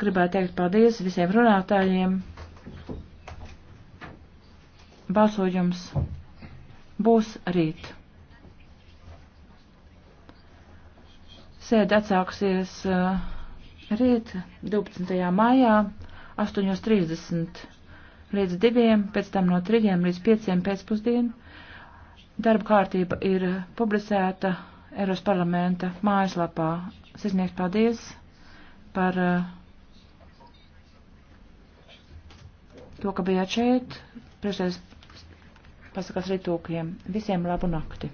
Gribētu teikt paldies visiem runātājiem. Balsojums būs rīt. Sēde atsāksies uh, rīt 12. maijā 8.30 līdz 2, pēc tam no 3 līdz 5 pēcpusdienu. Darba kārtība ir publicēta Eiros parlamenta mājaslapā. Sisnieks paldies par uh, to, ka bijāt šeit. Priekšsēdētājs pasakās arī tūkiem. Visiem labu nakti!